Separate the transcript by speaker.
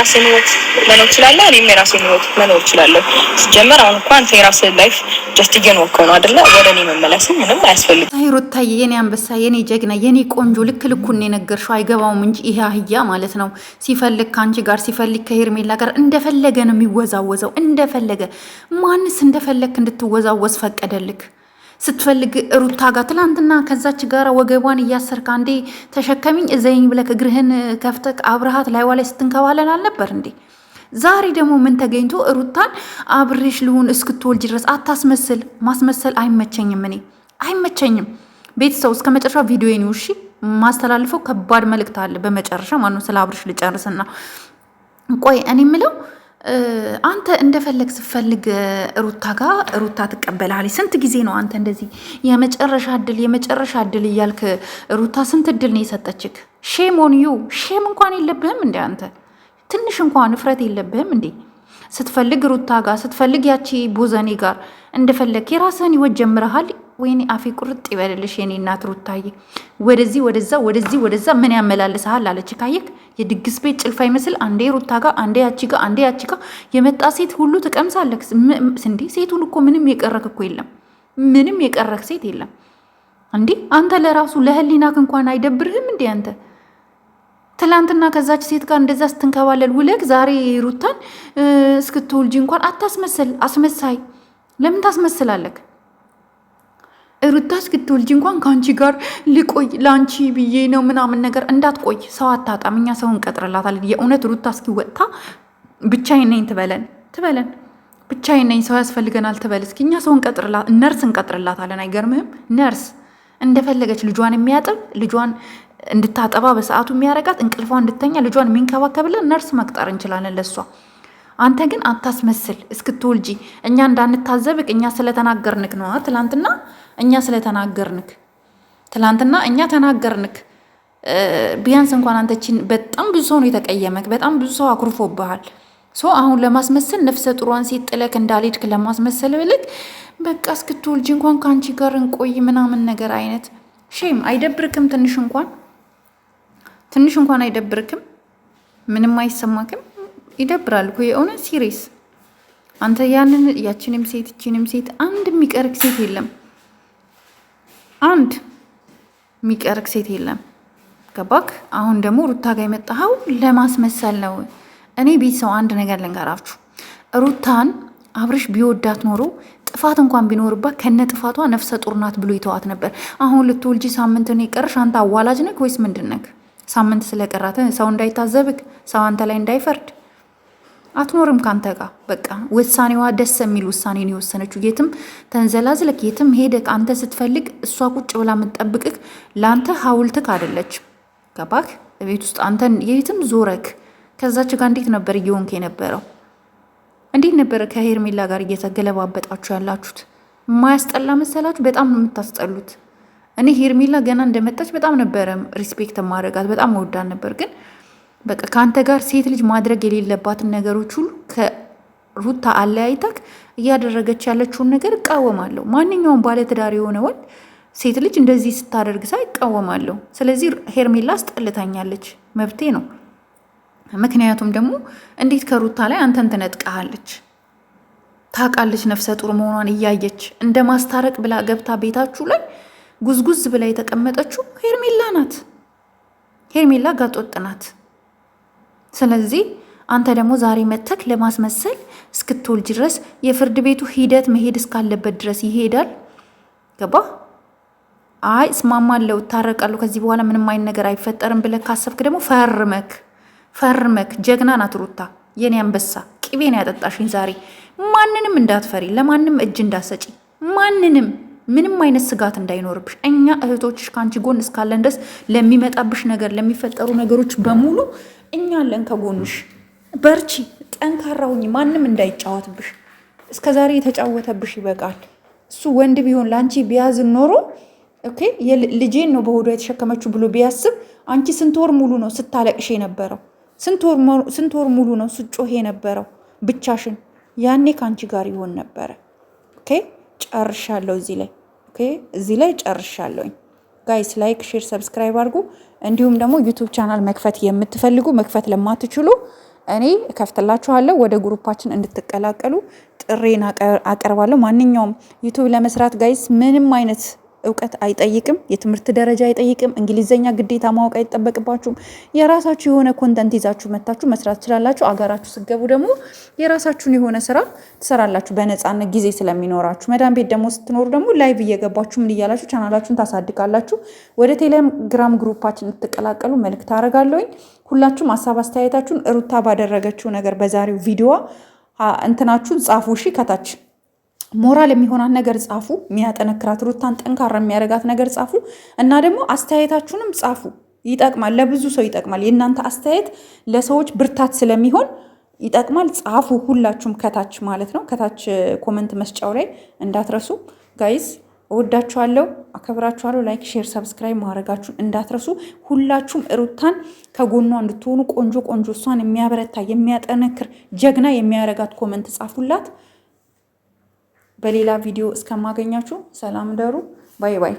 Speaker 1: የራሴን ህይወት መኖር ትችላለህ፣ እኔም የራሴን ህይወት መኖር እችላለሁ። ሲጀመር አሁን እንኳን አንተ የራስን ላይፍ ጀስት እየኖርከው ነው አይደለ? ወደ እኔ መመለስ ምንም አያስፈልግም።
Speaker 2: አይ ሩታዬ፣ የኔ አንበሳ፣ የኔ ጀግና፣ የኔ ቆንጆ፣ ልክ ልኩን የነገርሽው አይገባውም እንጂ ይሄ አህያ ማለት ነው ሲፈልግ ከአንቺ ጋር ሲፈልግ ከሄርሜላ ጋር እንደፈለገ ነው የሚወዛወዘው። እንደፈለገ ማንስ እንደፈለግ እንድትወዛወዝ ፈቀደልክ? ስትፈልግ ሩታ ጋር ትላንትና ከዛች ጋር ወገቧን እያሰርክ አንዴ ተሸከሚኝ እዘኝ ብለክ እግርህን ከፍተክ አብረሃት ላይዋ ላይ ስትንከባለል አልነበር እንዴ? ዛሬ ደግሞ ምን ተገኝቶ ሩታን አብሬሽ ልሁን እስክትወልጅ ድረስ አታስመስል። ማስመሰል አይመቸኝም፣ እኔ አይመቸኝም። ቤተሰው እስከ መጨረሻ ቪዲዮን ውሺ ማስተላልፈው ከባድ መልእክት አለ። በመጨረሻ ማነው ስለ አብርሽ ልጨርስና ቆይ እኔ የምለው አንተ እንደፈለግ ስፈልግ ሩታ ጋር ሩታ ትቀበላለች። ስንት ጊዜ ነው አንተ እንደዚህ የመጨረሻ እድል የመጨረሻ እድል እያልክ ሩታ ስንት እድል ነው የሰጠችክ? ሼም ኦን ዩ ሼም እንኳን የለብህም እንደ አንተ ትንሽ እንኳን እፍረት የለብህም እንዴ? ስትፈልግ ሩታ ጋር ስትፈልግ ያቺ ቦዘኔ ጋር እንደፈለግ የራስህን ህይወት ጀምረሃል። ወይኔ አፌ ቁርጥ ይበልልሽ የኔ እናት ሩታዬ። ወደዚህ ወደዛ ወደዚህ ወደዛ ምን ያመላልሰሃል አለች። ካየክ የድግስ ቤት ጭልፋ ይመስል አንዴ ሩታ ጋ አንዴ ያቺ ጋ አንዴ ያቺ ጋ የመጣ ሴት ሁሉ ትቀምሳለክ እንዴ። ሴቱን እኮ ምንም የቀረክ እኮ የለም፣ ምንም የቀረክ ሴት የለም። እንዴ አንተ ለራሱ ለህሊናክ እንኳን አይደብርህም እንዴ አንተ ትላንትና ከዛች ሴት ጋር እንደዛ ስትንከባለል ውለግ ዛሬ ሩታን እስክትወልጂ እንኳን አታስመስል። አስመሳይ ለምን ታስመስላለክ? ሩታ እስክትወልጂ እንኳን ከአንቺ ጋር ልቆይ ለአንቺ ብዬ ነው ምናምን ነገር እንዳትቆይ፣ ሰው አታጣም፣ እኛ ሰው እንቀጥርላታለን። የእውነት ሩታ እስኪወጣ ብቻዬን ነኝ ትበለን ትበለን፣ ብቻዬን ነኝ ሰው ያስፈልገናል ትበል እስኪ፣ እኛ ሰው ነርስ እንቀጥርላታለን። አይገርምህም? ነርስ እንደፈለገች ልጇን የሚያጥብ ልጇን እንድታጠባ በሰዓቱ የሚያረጋት እንቅልፏ እንድተኛ ልጇን የሚንከባከብለን ነርስ መቅጠር እንችላለን ለሷ አንተ ግን አታስመስል እስክትወልጂ እኛ እንዳንታዘብክ እኛ ስለተናገርንክ ነው። ትላንትና እኛ ስለተናገርንክ ትላንትና እኛ ተናገርንክ። ቢያንስ እንኳን አንተችን በጣም ብዙ ሰው ነው የተቀየመክ። በጣም ብዙ ሰው አኩርፎብሃል። ሶ አሁን ለማስመሰል ነፍሰ ጥሯን ሴት ጥለክ እንዳልሄድክ ለማስመሰል ብልክ በቃ እስክትወልጂ እንኳን ከአንቺ ጋር እንቆይ ምናምን ነገር አይነት ሼም አይደብርክም? ትንሽ እንኳን ትንሽ እንኳን አይደብርክም? ምንም አይሰማክም? ይደብራል እኮ የሆነ ሲሪስ አንተ ያንን ያችንም ሴት እችንም ሴት አንድ የሚቀርቅ ሴት የለም፣ አንድ የሚቀርቅ ሴት የለም። ገባክ? አሁን ደግሞ ሩታ ጋር የመጣኸው ለማስመሰል ነው። እኔ ቤት ሰው አንድ ነገር ልንገራችሁ፣ ሩታን አብርሽ ቢወዳት ኖሮ ጥፋት እንኳን ቢኖርባት ከነ ጥፋቷ ነፍሰ ጡር ናት ብሎ የተዋት ነበር። አሁን ልትወልጂ ሳምንት ነው የቀረሽ። አንተ አዋላጅ ነክ ወይስ ምንድን ነክ? ሳምንት ስለቀራት ሰው እንዳይታዘብክ፣ ሰው አንተ ላይ እንዳይፈርድ አትኖርም ካንተ ጋር በቃ ውሳኔዋ ደስ የሚል ነው የወሰነችው የትም ተንዘላዝለክ የትም ሄደክ አንተ ስትፈልግ እሷ ቁጭ ብላ የምትጠብቅክ ለአንተ ሀውልትክ አደለች ገባክ ቤት ውስጥ አንተን የትም ዞረክ ከዛች ጋር እንዴት ነበር እየሆንክ የነበረው እንዴት ነበረ ከሄርሜላ ጋር እየተገለባበጣችሁ ያላችሁት የማያስጠላ መሰላችሁ በጣም ነው የምታስጠሉት እኔ ሄርሜላ ገና እንደመጣች በጣም ነበረ ሪስፔክት ማድረጋት በጣም ወዳን ነበር ግን በቃ ከአንተ ጋር ሴት ልጅ ማድረግ የሌለባትን ነገሮች ሁሉ ከሩታ አለያይታክ እያደረገች ያለችውን ነገር እቃወማለሁ። ማንኛውም ባለትዳር የሆነ ወንድ ሴት ልጅ እንደዚህ ስታደርግ ሳይ እቃወማለሁ። ስለዚህ ሄርሜላ አስጠልታኛለች፣ መብቴ ነው። ምክንያቱም ደግሞ እንዴት ከሩታ ላይ አንተን ትነጥቀሃለች? ታውቃለች ነፍሰ ጡር መሆኗን እያየች እንደ ማስታረቅ ብላ ገብታ ቤታችሁ ላይ ጉዝጉዝ ብላ የተቀመጠችው ሄርሜላ ናት። ሄርሜላ ጋጦጥ ናት። ስለዚህ አንተ ደግሞ ዛሬ መጥተክ ለማስመሰል እስክትወልጅ ድረስ የፍርድ ቤቱ ሂደት መሄድ እስካለበት ድረስ ይሄዳል። ገባ? አይ እስማማለሁ፣ እታረቃለሁ፣ ከዚህ በኋላ ምንም አይነት ነገር አይፈጠርም ብለህ ካሰብክ ደግሞ ፈርመክ ፈርመክ። ጀግና ናት ሩታ፣ የኔ አንበሳ፣ ቅቤን ያጠጣሽኝ ዛሬ። ማንንም እንዳትፈሪ፣ ለማንም እጅ እንዳትሰጪ፣ ማንንም ምንም አይነት ስጋት እንዳይኖርብሽ እኛ እህቶችሽ ከአንቺ ጎን እስካለን ድረስ ለሚመጣብሽ ነገር ለሚፈጠሩ ነገሮች በሙሉ እኛ አለን ከጎንሽ። በርቺ፣ ጠንካራ ሁኚ። ማንም እንዳይጫወትብሽ። እስከዛሬ የተጫወተብሽ ይበቃል። እሱ ወንድ ቢሆን ለአንቺ ቢያዝ ኖሮ ልጄን ነው በሆዷ የተሸከመችው ብሎ ቢያስብ አንቺ ስንት ወር ሙሉ ነው ስታለቅሽ የነበረው? ስንት ወር ሙሉ ነው ስጮህ የነበረው ብቻሽን? ያኔ ከአንቺ ጋር ይሆን ነበረ። ኦኬ ጨርሻለሁ እዚህ ላይ። ኦኬ እዚህ ላይ ጨርሻለሁኝ። ጋይስ ላይክ፣ ሼር፣ ሰብስክራይብ አድርጉ። እንዲሁም ደግሞ ዩቱብ ቻናል መክፈት የምትፈልጉ መክፈት ለማትችሉ እኔ ከፍትላችኋለሁ። ወደ ግሩፓችን እንድትቀላቀሉ ጥሬን አቀርባለሁ። ማንኛውም ዩቱብ ለመስራት ጋይስ ምንም አይነት እውቀት አይጠይቅም። የትምህርት ደረጃ አይጠይቅም። እንግሊዝኛ ግዴታ ማወቅ አይጠበቅባችሁም። የራሳችሁ የሆነ ኮንተንት ይዛችሁ መታችሁ መስራት ትችላላችሁ። አገራችሁ ስገቡ ደግሞ የራሳችሁን የሆነ ስራ ትሰራላችሁ በነፃነት ጊዜ ስለሚኖራችሁ። መዳን ቤት ደግሞ ስትኖሩ ደግሞ ላይቭ እየገባችሁ ምን እያላችሁ ቻናላችሁን ታሳድጋላችሁ። ወደ ቴሌግራም ግሩፓችን ትቀላቀሉ መልእክት አደርጋለሁኝ። ሁላችሁም ሀሳብ አስተያየታችሁን ሩታ ባደረገችው ነገር በዛሬው ቪዲዮ እንትናችሁን ጻፉ እሺ ከታች ሞራል የሚሆናት ነገር ጻፉ። የሚያጠነክራት ሩታን ጠንካራ የሚያደርጋት ነገር ጻፉ እና ደግሞ አስተያየታችሁንም ጻፉ። ይጠቅማል፣ ለብዙ ሰው ይጠቅማል። የእናንተ አስተያየት ለሰዎች ብርታት ስለሚሆን ይጠቅማል። ጻፉ፣ ሁላችሁም ከታች ማለት ነው። ከታች ኮመንት መስጫው ላይ እንዳትረሱ ጋይዝ። እወዳችኋለሁ፣ አከብራችኋለሁ። ላይክ፣ ሼር፣ ሰብስክራይብ ማድረጋችሁን እንዳትረሱ። ሁላችሁም ሩታን ከጎኗ እንድትሆኑ ቆንጆ ቆንጆ እሷን የሚያበረታ የሚያጠነክር ጀግና የሚያረጋት ኮመንት ጻፉላት። በሌላ ቪዲዮ እስከማገኛችሁ ሰላም ደሩ። ባይ ባይ።